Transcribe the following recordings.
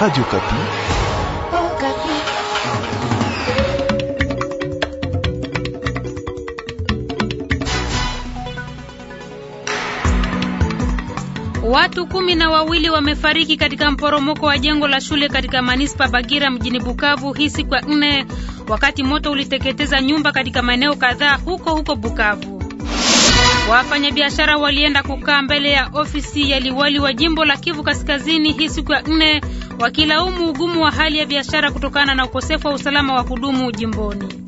Radio Kapi. Oh, Kapi. Watu kumi na wawili wamefariki katika mporomoko wa jengo la shule katika Manispa Bagira mjini Bukavu hii siku ya nne wakati moto uliteketeza nyumba katika maeneo kadhaa huko huko Bukavu. Wafanyabiashara walienda kukaa mbele ya ofisi ya liwali wa jimbo la Kivu Kaskazini hii siku ya nne wakilaumu ugumu wa hali ya biashara kutokana na ukosefu wa usalama wa kudumu jimboni.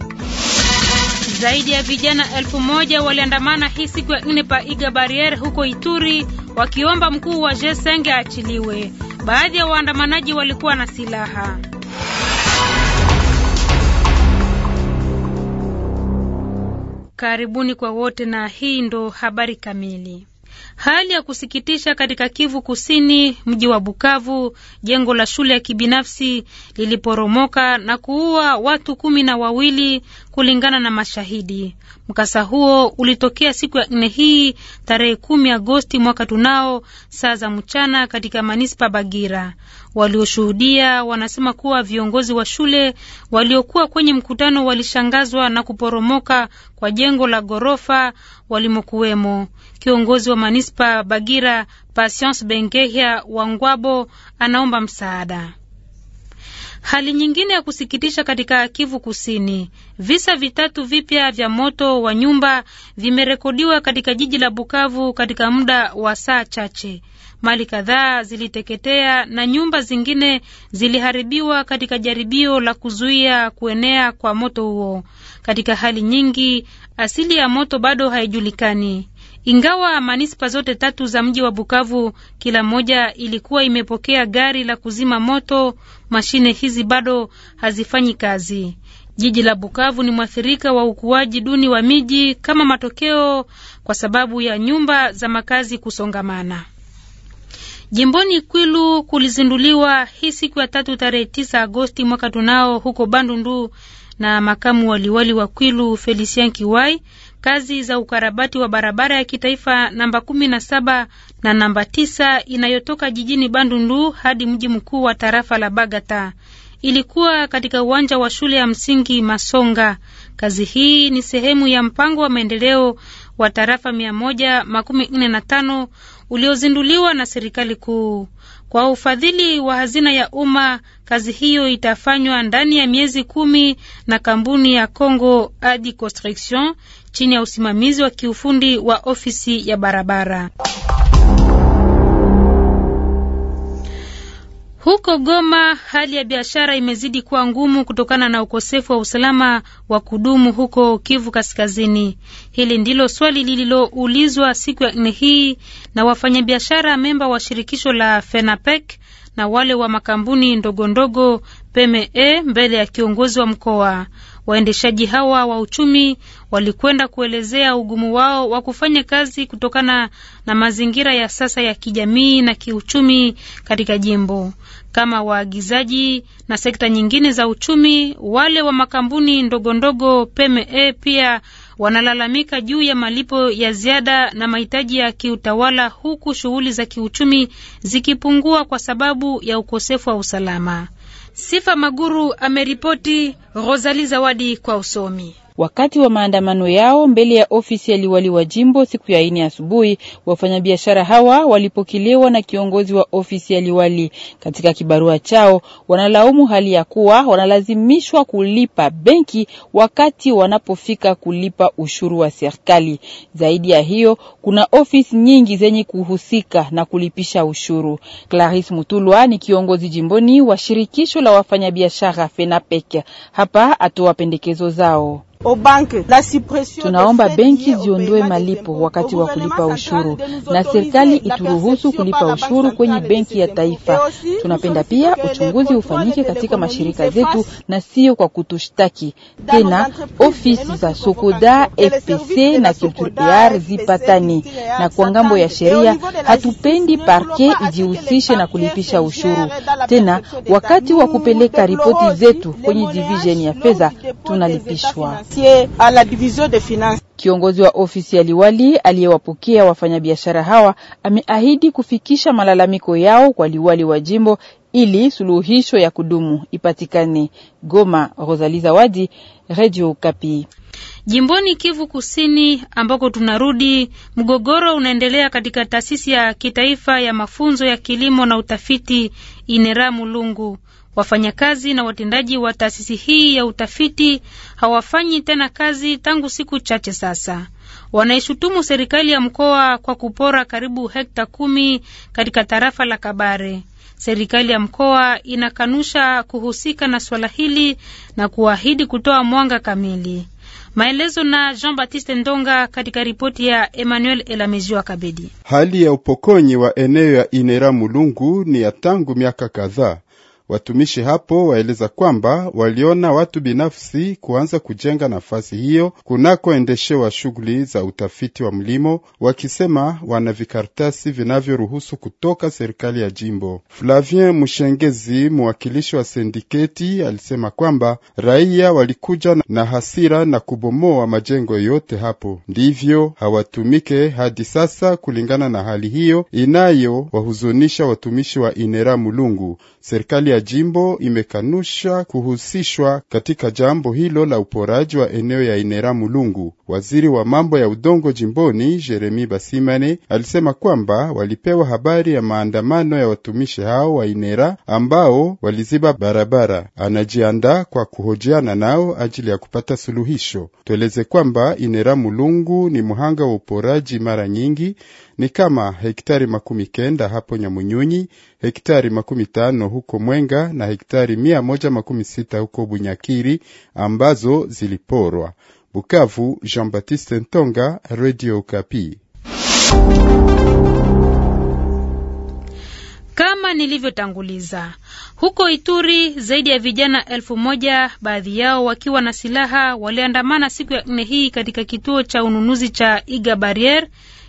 Zaidi ya vijana elfu moja waliandamana hii siku ya nne pa Iga Barriere huko Ituri wakiomba mkuu wa Jesenge aachiliwe. Baadhi ya waandamanaji walikuwa na silaha. Karibuni kwa wote na hii ndo habari kamili. Hali ya kusikitisha katika Kivu Kusini, mji wa Bukavu, jengo la shule ya kibinafsi liliporomoka na kuua watu kumi na wawili kulingana na mashahidi. Mkasa huo ulitokea siku ya nne hii tarehe kumi Agosti mwaka tunao, saa za mchana katika manispa Bagira. Walioshuhudia wanasema kuwa viongozi wa shule waliokuwa kwenye mkutano walishangazwa na kuporomoka kwa jengo la ghorofa walimokuwemo. Kiongozi wa manispa Bagira Patience Bengehya Wangwabo anaomba msaada. Hali nyingine ya kusikitisha katika Kivu Kusini, visa vitatu vipya vya moto wa nyumba vimerekodiwa katika jiji la Bukavu katika muda wa saa chache. Mali kadhaa ziliteketea na nyumba zingine ziliharibiwa katika jaribio la kuzuia kuenea kwa moto huo. Katika hali nyingi, asili ya moto bado haijulikani, ingawa manispa zote tatu za mji wa Bukavu kila moja ilikuwa imepokea gari la kuzima moto, mashine hizi bado hazifanyi kazi. Jiji la Bukavu ni mwathirika wa ukuaji duni wa miji kama matokeo kwa sababu ya nyumba za makazi kusongamana. Jimboni Kwilu kulizinduliwa hii siku ya tatu tarehe tisa Agosti mwaka tunao huko Bandundu na makamu waliwali wa Kwilu Felicien Kiwai kazi za ukarabati wa barabara ya kitaifa namba kumi na saba na namba tisa inayotoka jijini Bandundu hadi mji mkuu wa tarafa la Bagata. Ilikuwa katika uwanja wa shule ya msingi Masonga. Kazi hii ni sehemu ya mpango wa maendeleo wa tarafa mia moja makumi nne na tano uliozinduliwa na serikali kuu. Kwa ufadhili wa hazina ya umma, kazi hiyo itafanywa ndani ya miezi kumi na kampuni ya Congo Adi Construction chini ya usimamizi wa kiufundi wa ofisi ya barabara. Huko Goma hali ya biashara imezidi kuwa ngumu kutokana na ukosefu wa usalama wa kudumu huko Kivu Kaskazini. Hili ndilo swali lililoulizwa siku ya nne hii na wafanyabiashara memba wa shirikisho la FENAPEC na wale wa makampuni ndogondogo PME mbele ya kiongozi wa mkoa. Waendeshaji hawa wa uchumi walikwenda kuelezea ugumu wao wa kufanya kazi kutokana na mazingira ya sasa ya kijamii na kiuchumi katika jimbo. Kama waagizaji na sekta nyingine za uchumi, wale wa makampuni ndogondogo PME pia wanalalamika juu ya malipo ya ziada na mahitaji ya kiutawala, huku shughuli za kiuchumi zikipungua kwa sababu ya ukosefu wa usalama. Sifa Maguru ameripoti, Rosali Zawadi kwa usomi. Wakati wa maandamano yao mbele ya ofisi ya liwali wa jimbo siku ya ine asubuhi, wafanyabiashara hawa walipokelewa na kiongozi wa ofisi ya liwali. Katika kibarua chao, wanalaumu hali ya kuwa wanalazimishwa kulipa benki wakati wanapofika kulipa ushuru wa serikali. Zaidi ya hiyo, kuna ofisi nyingi zenye kuhusika na kulipisha ushuru. Clarisse Mutulwa ni kiongozi jimboni wa shirikisho la wafanyabiashara FENAPEC. Hapa atoa pendekezo zao. Tunaomba benki ziondoe malipo wakati wa kulipa ushuru na serikali ituruhusu kulipa ushuru kwenye benki ya taifa. Tunapenda pia uchunguzi ufanyike katika mashirika zetu na sio kwa kutushtaki tena. Ofisi za Sokoda, FPC na Culture zipatani na kwa ngambo ya sheria. Hatupendi parke ijihusishe na kulipisha ushuru tena. Wakati wa kupeleka ripoti zetu kwenye divisheni ya fedha tunalipishwa quartier à la division des finances. Kiongozi wa ofisi ya liwali aliyewapokea wafanyabiashara hawa ameahidi kufikisha malalamiko yao kwa liwali wa jimbo ili suluhisho ya kudumu ipatikane. Goma, Rosalie Zawadi, Radio Kapi. Jimboni Kivu Kusini ambako tunarudi, mgogoro unaendelea katika taasisi ya kitaifa ya mafunzo ya kilimo na utafiti Inera Mulungu. Wafanyakazi na watendaji wa taasisi hii ya utafiti hawafanyi tena kazi tangu siku chache sasa. Wanaishutumu serikali ya mkoa kwa kupora karibu hekta kumi katika tarafa la Kabare. Serikali ya mkoa inakanusha kuhusika na swala hili na kuahidi kutoa mwanga kamili. Maelezo na Jean-Baptiste Ndonga katika ripoti ya Emmanuel Elamejiwa Kabedi. Hali ya upokonyi wa eneo ya Inera Mulungu ni ya tangu miaka kadhaa. Watumishi hapo waeleza kwamba waliona watu binafsi kuanza kujenga nafasi hiyo kunakoendeshewa shughuli za utafiti wa mlimo, wakisema wana vikaratasi vinavyoruhusu kutoka serikali ya jimbo. Flavien Mushengezi, mwakilishi wa sindiketi, alisema kwamba raia walikuja na hasira na kubomoa majengo yote hapo, ndivyo hawatumike hadi sasa, kulingana na hali hiyo inayowahuzunisha watumishi wa Inera Mulungu. Serikali ya ya jimbo imekanusha kuhusishwa katika jambo hilo la uporaji wa eneo ya Inera Mulungu. Waziri wa mambo ya udongo jimboni Jeremi Basimane alisema kwamba walipewa habari ya maandamano ya watumishi hao wa Inera ambao waliziba barabara. Anajiandaa kwa kuhojiana nao ajili ya kupata suluhisho. Tueleze kwamba Inera Mulungu ni muhanga wa uporaji mara nyingi ni kama hektari makumi kenda hapo Nyamunyunyi, hektari makumi tano huko Mwenga na hektari mia moja makumi sita huko Bunyakiri ambazo ziliporwa. Bukavu, Jean Baptiste Ntonga, Radio Kapi. Kama nilivyotanguliza huko Ituri, zaidi ya vijana elfu moja baadhi yao wakiwa na silaha waliandamana siku ya nne hii katika kituo cha ununuzi cha Iga Barriere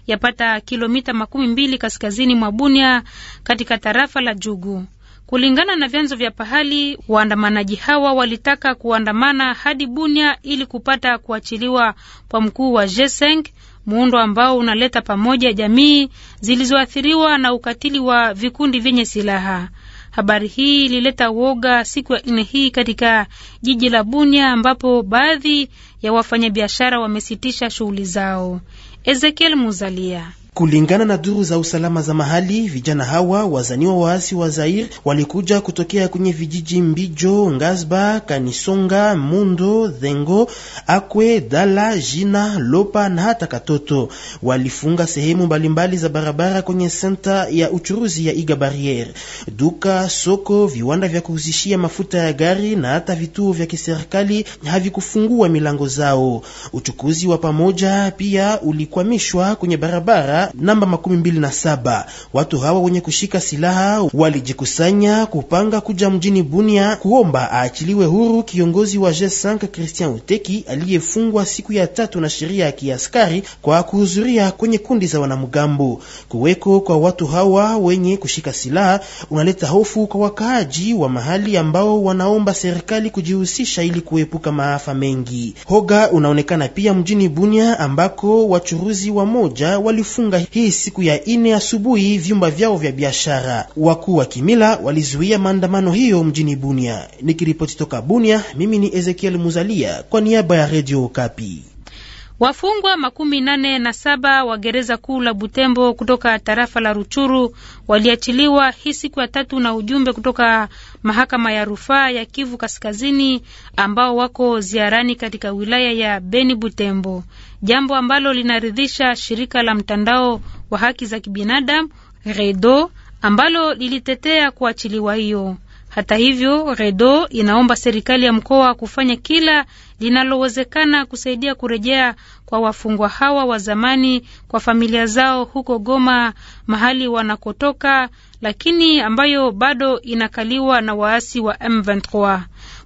yapata kilomita makumi mbili kaskazini mwa Bunia katika tarafa la Jugu. Kulingana na vyanzo vya pahali, waandamanaji hawa walitaka kuandamana hadi Bunia ili kupata kuachiliwa kwa mkuu wa Jeseng, muundo ambao unaleta pamoja jamii zilizoathiriwa na ukatili wa vikundi vyenye silaha. Habari hii ilileta woga siku ya nne hii katika jiji la Bunia ambapo baadhi ya wafanyabiashara wamesitisha shughuli zao. Ezekiel Muzalia. Kulingana na duru za usalama za mahali, vijana hawa wazaniwa waasi wa Zair walikuja kutokea kwenye vijiji Mbijo, Ngazba, Kanisonga, Mundo, Dhengo, Akwe, Dala, Jina, Lopa na hata Katoto. Walifunga sehemu mbalimbali za barabara kwenye senta ya uchuruzi ya Iga Barriere, duka, soko, viwanda vya kuhuzishia mafuta ya gari na hata vituo vya kiserikali havikufungua milango zao. Uchukuzi wa pamoja pia ulikwamishwa kwenye barabara namba makumi mbili na saba. Watu hawa wenye kushika silaha walijikusanya kupanga kuja mjini Bunia kuomba aachiliwe huru kiongozi wa G5 Christian Uteki aliyefungwa siku ya tatu na sheria ya kiaskari kwa kuhudhuria kwenye kundi za wanamgambo. Kuweko kwa watu hawa wenye kushika silaha unaleta hofu kwa wakaaji wa mahali ambao wanaomba serikali kujihusisha ili kuepuka maafa mengi. Hoga unaonekana pia mjini Bunia ambako wachuruzi wa moja walifungwa kufunga hii siku ya ine asubuhi vyumba vyao vya biashara. Wakuu wa kimila walizuia maandamano hiyo mjini Bunia. Nikiripoti toka Bunia, mimi ni Ezekiel Muzalia kwa niaba ya redio Kapi. Wafungwa makumi nane na saba wa gereza kuu la Butembo kutoka tarafa la Ruchuru waliachiliwa hii siku ya tatu na ujumbe kutoka mahakama ya rufaa ya Kivu Kaskazini ambao wako ziarani katika wilaya ya Beni Butembo, jambo ambalo linaridhisha shirika la mtandao wa haki za kibinadamu REDO ambalo lilitetea kuachiliwa hiyo. Hata hivyo, REDO inaomba serikali ya mkoa kufanya kila linalowezekana kusaidia kurejea kwa wafungwa hawa wa zamani kwa familia zao huko Goma, mahali wanakotoka, lakini ambayo bado inakaliwa na waasi wa M23.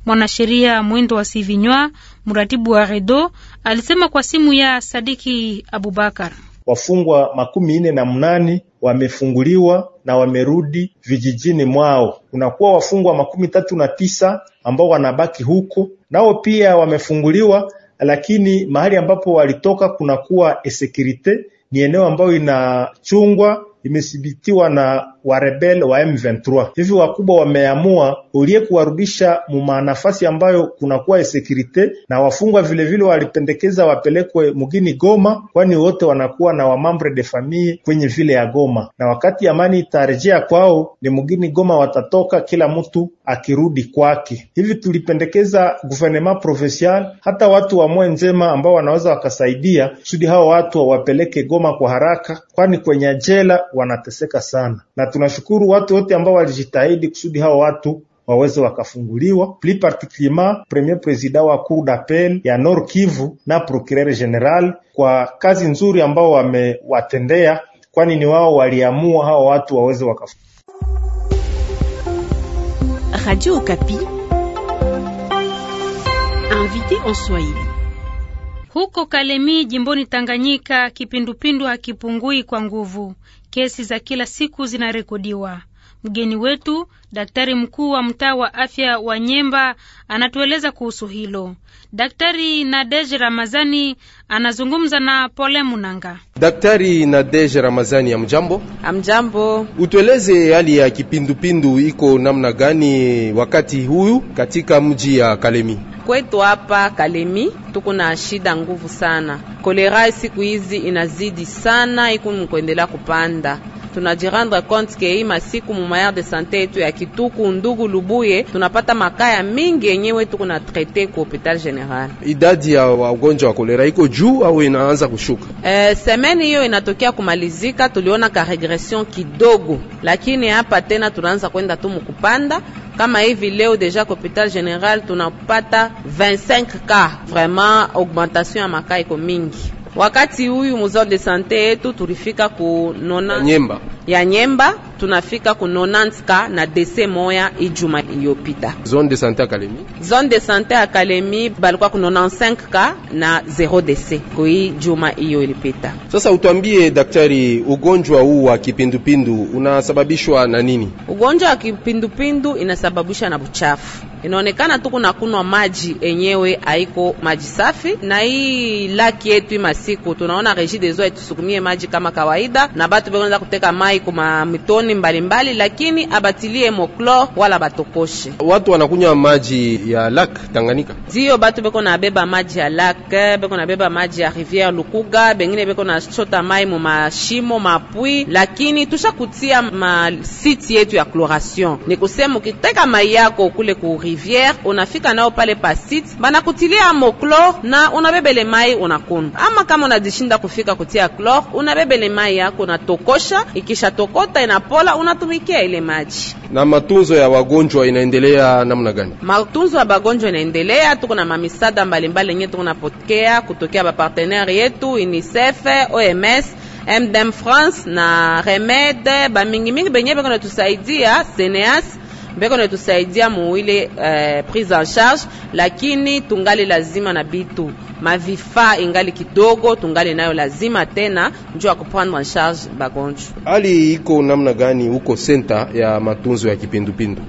Mwanasheria Mwendo wa Sivinywa, mratibu wa REDO, alisema kwa simu ya Sadiki Abubakar. Wafungwa makumi nne na mnane wamefunguliwa na wamerudi vijijini mwao. Kunakuwa wafungwa makumi tatu na tisa ambao wanabaki huko, nao pia wamefunguliwa, lakini mahali ambapo walitoka kunakuwa esekirite, ni eneo ambayo inachungwa imethibitiwa na warebel wa M23. Hivi wakubwa wameamua ulie kuwarudisha mumanafasi ambayo kunakuwa esekirite, na wafungwa vilevile walipendekeza wapelekwe mugini Goma, kwani wote wanakuwa na wamambre de famille kwenye vile ya Goma, na wakati amani itarejea kwao ni mugini Goma, watatoka kila mtu akirudi kwake. Hivi tulipendekeza gouvernement provincial hata watu wa mwe njema ambao wanaweza wakasaidia kusudi hao watu wapeleke Goma kwa haraka, kwani kwenye jela wanateseka sana na tunashukuru watu wote ambao walijitahidi kusudi hao watu waweze wakafunguliwa plus particulierement premier president wa cour d'appel ya Nord Kivu na procureur general kwa kazi nzuri ambao wamewatendea, kwani ni wao waliamua hao watu waweze wakafunguliwa. Radio Okapi invité en Swahili. Huko Kalemi jimboni Tanganyika, kipindupindu hakipungui kwa nguvu. Kesi za kila siku zinarekodiwa. Mgeni wetu daktari mkuu wa mtaa wa afya wa Nyemba anatueleza kuhusu hilo. Daktari Nadej Ramazani anazungumza na Pole Munanga. Daktari Nadej Ramazani, amjambo. Amjambo, utueleze hali ya kipindupindu iko namna gani wakati huyu katika mji ya Kalemi? Kwetu hapa Kalemi tuko na shida nguvu sana, kolera siku hizi inazidi sana, iko mkuendelea kupanda tunajirendre compte ke hii masiku mumayar de sante yetu ya Kituku, Ndugu, Lubuye tunapata makaya mingi yenyewe tuku na traite ku hopital general. Idadi ya wagonjwa wa kolera iko juu au inaanza kushuka? Eh, semeni hiyo inatokea kumalizika, tuliona ka regression kidogo, lakini hapa tena tunaanza kwenda tu mukupanda kama hivi leo deja ku hopital general tunapata 25 ka, vraiment augmentation ya makaa iko mingi wakati huyu muzao de sante yetu tulifika kunona Nyemba ya Nyemba tunafika ku 90 ka na dese moya ijuma iliyopita. Zone de santé Kalemi, zone de santé sante Kalemi balikuwa ku 95 ka na 0 dese kui juma hiyo ilipita. Sasa utwambie daktari, ugonjwa huu wa kipindupindu unasababishwa na nini? Ugonjwa wa kipindupindu inasababishwa na buchafu inaonekana tu kuna kunwa maji enyewe haiko maji safi, na hii laki yetu masiku tunaona reji dezo aitusukumie maji kama kawaida, na batu bekonza kuteka mai kuma mitoni masani mbalimbali, lakini abatilie moklor wala batokoshe. Watu wanakunywa maji ya lak Tanganyika, ndio batu beko na beba maji ya lak, beko na beba maji ya riviere Lukuga, bengine beko na chota mai mu mashimo mapwi, lakini tushakutia ma siti yetu ya chloration. Ni kusema ukiteka mai yako kule ku riviere, unafika nao pale pa site banakutilia moklor na unabebele mai unakunywa, ama kama unajishinda kufika kutia klor, unabebele mai yako unatokosha, ikisha tokota Bola unatumikia ile maji. Na matunzo ya wagonjwa inaendelea namna gani? Matunzo ya wagonjwa inaendelea, tuko na mamisada mbalimbali yenye tuko napokea kutokea bapartenere yetu UNICEF, OMS MDM France na Remede bamingimingi benye beko natusaidia Seneas mbeko netusaidia muile uh, eh, prise en charge, lakini tungali lazima na bitu mavifaa ingali kidogo, tungali nayo lazima tena njuu ya kuprendre en charge bagonjwa. Hali iko namna gani huko senta ya matunzo ya kipindupindu?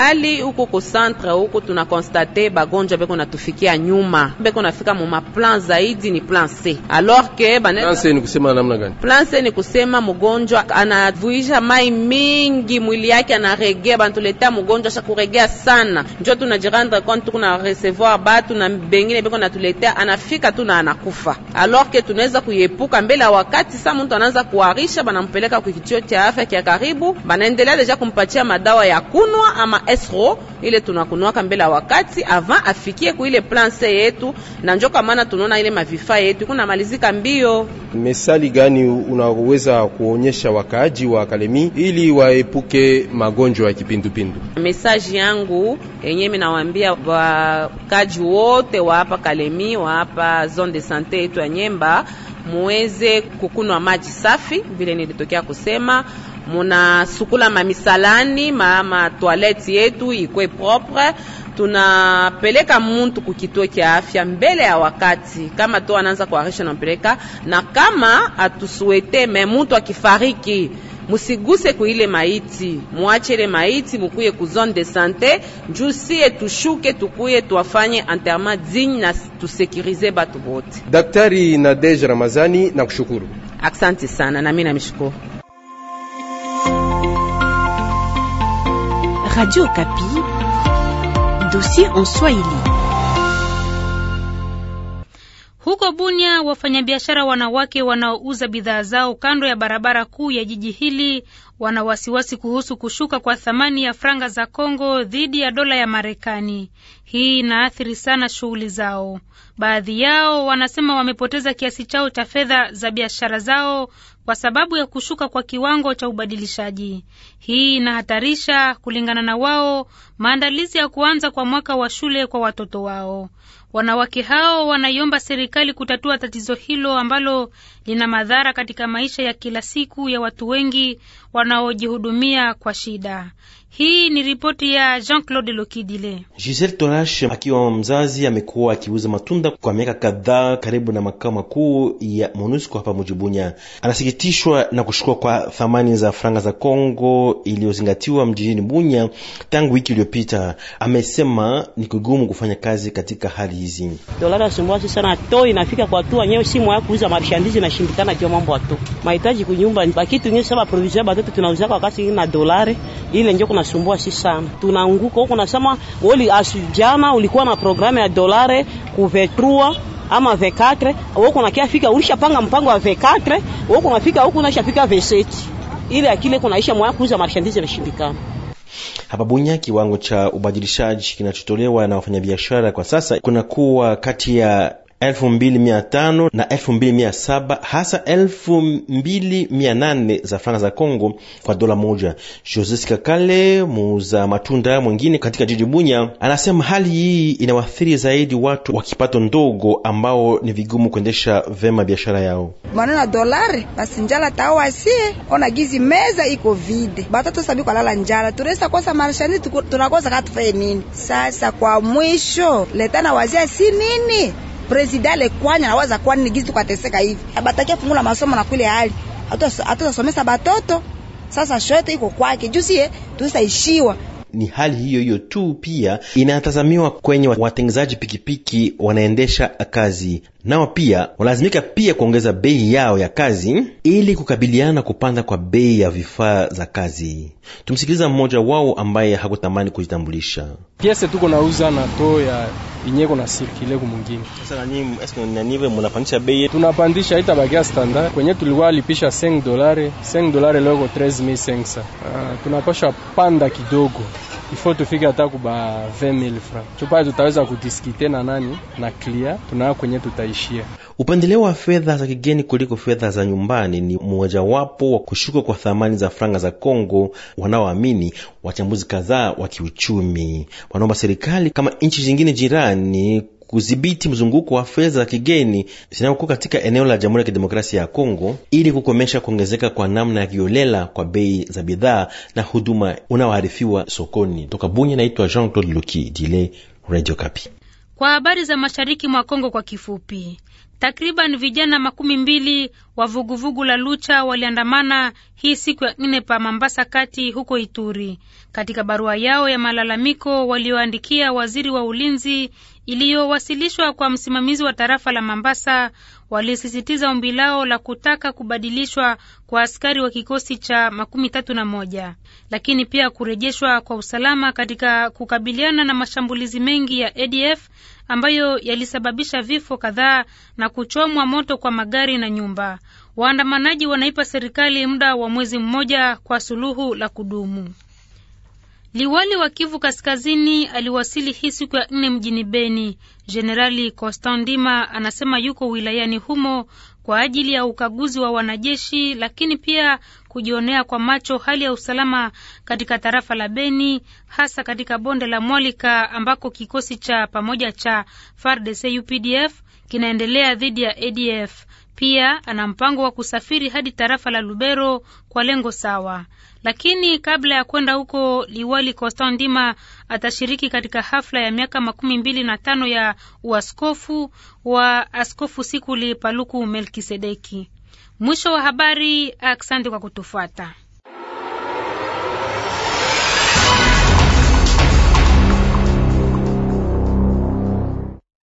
hali huko ko centre huko tunakonstate bagonjwa beko natufikia nyuma, beko nafika mu plan zaidi ni plan C, alors que plan C ni kusema namna gani? Plan C ni kusema mgonjwa anavuisha mai mingi mwili yake anaregea, bantuletea mgonjwa sha kuregea sana, njo tunajirendre compte tuko na recevoir batu na bengine beko natuletea, anafika tu na anakufa, alors que tunaweza kuyepuka mbele ya wakati. Sa mtu anaanza kuharisha, banampeleka kwa kituo cha afya kia karibu, banaendelea deja kumpatia madawa ya kunwa ama esro ile tunakunuaka mbele wakati avant afikie ku ile plan C yetu, na njo kamana tunaona ile mavifa yetu kuna malizika mbio. Mesali gani unaweza kuonyesha wakaaji wa Kalemi ili waepuke magonjwa ya kipindupindu? Mesaji yangu yenye minawaambia wakaji wote wa hapa Kalemi wa hapa zone de sante yetu ya Nyemba muweze kukunwa maji safi, vile nilitokea kusema munasukula mamisalani mama toilette yetu ikwe propre. Tunapeleka muntu kukituo kya afya mbele ya wakati, kama to anaanza kuharisha nampeleka, na kama atusuete me muntu akifariki musiguse kuile maiti, muache ile maiti, mukuye ku zone de sante jusiye tushuke, tukuye tuwafanye enterrement digne na tusekirize batu bote. Daktari Nadege Ramazani, nakushukuru. Asante sana, nami namshukuru. Radio Kapi, dossier en Swahili. Huko Bunia, wafanyabiashara wanawake wanaouza bidhaa zao kando ya barabara kuu ya jiji hili wana wasiwasi kuhusu kushuka kwa thamani ya franga za Kongo dhidi ya dola ya Marekani. Hii inaathiri sana shughuli zao. Baadhi yao wanasema wamepoteza kiasi chao cha fedha za biashara zao kwa sababu ya kushuka kwa kiwango cha ubadilishaji. Hii inahatarisha, kulingana na wao, maandalizi ya kuanza kwa mwaka wa shule kwa watoto wao. Wanawake hao wanaiomba serikali kutatua tatizo hilo ambalo lina madhara katika maisha ya kila siku ya watu wengi wanaojihudumia kwa shida. Hii ni ripoti ya Jean-Claude Lokidile. Giselle Tonash akiwa mzazi amekuwa akiuza matunda kwa miaka kadhaa karibu na makao makuu ya MONUSCO hapa Mujibunya. Anasikitishwa na kushukua kwa thamani za franga za Kongo iliyozingatiwa mjini Bunya tangu wiki iliyopita. Amesema ni kugumu kufanya kazi katika hali hizi. Dolara asumbua sana to inafika kwa tu wenyewe simu ya kuuza marshandizi na shindikana kwa mambo ya to. Mahitaji kunyumba ni kitu nyingi sana provision bado tunauza kwa kasi na dolari ile ndio inasumbua si sana, tunaanguka huko. Nasema woli asijana ulikuwa na programu ya dolare kuvetrua ama V4 woko fika ulishapanga mpango wa V4 woko unafika huko unashafika V7 ile akile kunaisha moyo kuuza marchandise marshandise inashindikana. Hapa Bunya, kiwango cha ubadilishaji kinachotolewa na wafanyabiashara kwa sasa kunakuwa kati ya 2500 na 2700 hasa 2800 za franga za Kongo kwa dola moja. Joseph Kakale muuza matunda mwingine katika jiji Bunya anasema hali hii inawathiri zaidi watu wa kipato ndogo ambao ni vigumu kuendesha vema biashara yao. Manana dolari basi njala tawasie ona gizi meza iko vide. Batoto sabi kwa lala njala turesa kosa marshani tunakosa katufanye nini? Sasa kwa mwisho letana wazia si nini? Presida lekwanya nawaza kwani gizi tukateseka hivi. Abatakia fungula masomo na kule hali. somesa batoto. Sasa shote iko kwake. Juu sie tusaishiwa. Ni hali hiyo hiyo tu pia inatazamiwa kwenye watengenezaji pikipiki wanaendesha kazi nao pia walazimika pia kuongeza bei yao ya kazi ili kukabiliana kupanda kwa bei ya vifaa za kazi. Tumsikiliza mmoja wao ambaye hakutamani kujitambulisha. Piese tuko nauza na to ya inyeko na sirkile kumungine. Sasa nani nyinyi eske na niwe mnapandisha bei? Tunapandisha bagia standard. Kwenye tulikuwa lipisha 5 dolari, 5 dolari leo 13500. Uh, ah, tunapasha panda kidogo ifo tufike hata kuba 20000 francs chupa, tutaweza kudiskite na nani na clear tunao kwenye tutaishia. Upendeleo wa fedha za kigeni kuliko fedha za nyumbani ni mmojawapo wa kushuka kwa thamani za franga za Kongo, wanaoamini wachambuzi kadhaa wa kiuchumi. Wanaomba serikali kama nchi zingine jirani kudhibiti mzunguko wa fedha za kigeni zinazokuwa katika eneo la Jamhuri ya Kidemokrasia ya Kongo ili kukomesha kuongezeka kwa namna ya kiolela kwa bei za bidhaa na huduma unaoharifiwa sokoni. Toka Bunya, naitwa Jean Claude Luki Dile, Radio Kapi. Kwa habari za mashariki mwa Kongo kwa kifupi, Takriban vijana makumi mbili wa vuguvugu la Lucha waliandamana hii siku ya nne pa Mambasa kati huko Ituri. Katika barua yao ya malalamiko walioandikia waziri wa ulinzi iliyowasilishwa kwa msimamizi wa tarafa la Mambasa, walisisitiza ombi lao la kutaka kubadilishwa kwa askari wa kikosi cha makumi tatu na moja, lakini pia kurejeshwa kwa usalama katika kukabiliana na mashambulizi mengi ya ADF ambayo yalisababisha vifo kadhaa na kuchomwa moto kwa magari na nyumba. Waandamanaji wanaipa serikali muda wa mwezi mmoja kwa suluhu la kudumu. Liwali wa Kivu Kaskazini aliwasili hii siku ya nne mjini Beni. Jenerali Constant Ndima anasema yuko wilayani humo kwa ajili ya ukaguzi wa wanajeshi, lakini pia kujionea kwa macho hali ya usalama katika tarafa la Beni, hasa katika bonde la Mwalika ambako kikosi cha pamoja cha FARDC UPDF kinaendelea dhidi ya ADF. Pia ana mpango wa kusafiri hadi tarafa la Lubero kwa lengo sawa. Lakini kabla ya kwenda huko, liwali Constant Ndima atashiriki katika hafla ya miaka makumi mbili na tano ya uaskofu wa Askofu Sikuli Paluku Melkisedeki. Mwisho wa habari. Asante kwa kutufuata.